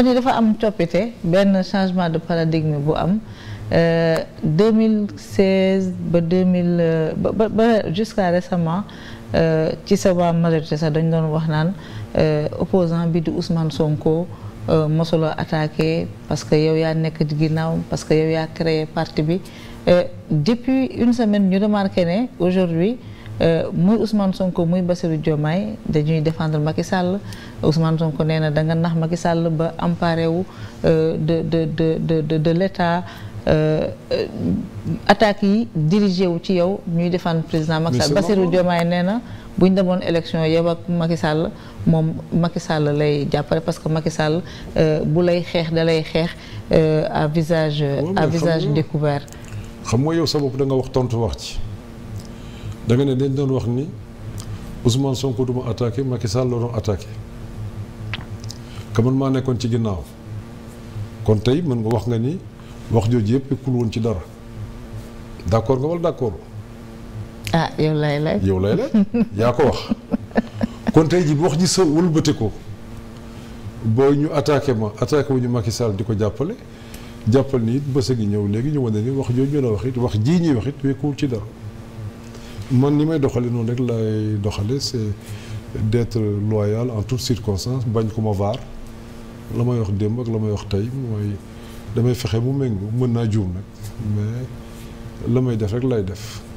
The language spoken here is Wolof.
xam ni dafa am coppite benn changement de paradigme bu am 2016 euh, ba 2000 euh, ba ba jusqu'à récemment euh, ci sa waa majorité sax dañ doon wax naan opposant bi di Ousmane Sonko mosuloo attaqué parce que yow yaa nekk di ginnaaw parce que yow yaa créé partie bi depuis une semaine ñu remarqué ne aujourd'hui Euh, muy Ousmane Sonko muy Bassirou Diomaye dañuy défendre Macky Sall Ousmane Sonko nee na da nga nax Macky Sall ba emparé wu euh, de de de de de de l'État euh, attaques yi dirigé wu ci yow ñuy défendre président Macky Sall Bassirou Diomaye nee na bu ñu demoon élection yow ak Macky Sall moom Macky Sall lay jàppale parce que Macky Sall bu lay xeex da lay xeex à visage à visage découvert xam nga yow sa bopp da nga wax tontu wax ci da nga ne dañ doon wax ni Ousmane Sonko du ma attaqué Macky Sall la doon nekkoon ci ginnaaw kon tey mën nga wax nga ni wax jooju yëpp kul woon ci dara d' accord nga wal d' accord. ah yow lay lay yaa ko wax kon tey ji bu wax ji sa wëlbate ko boo ñu attaqué ma attaqué wu ñu Macky Sall di ko jàppale jàppal nii it bës a ngi ñëw léegi ñu wane ni wax jooju ñu la wax it wax jii ñuy wax it wekkuwul ci dara. man ni may doxale noonu rek lay doxale c'est d'être loyal en toutes circonstances bañ ko ma vaar la may wax démb ak la may wax tey mooy damay fexe bu méngoo mën naa juum nag mais la may def rek lay def